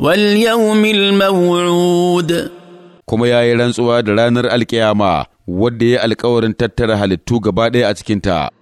واليوم الموعود كما يا يلانسوا دلانر القيامة ودي القورن تتر هل غبا دي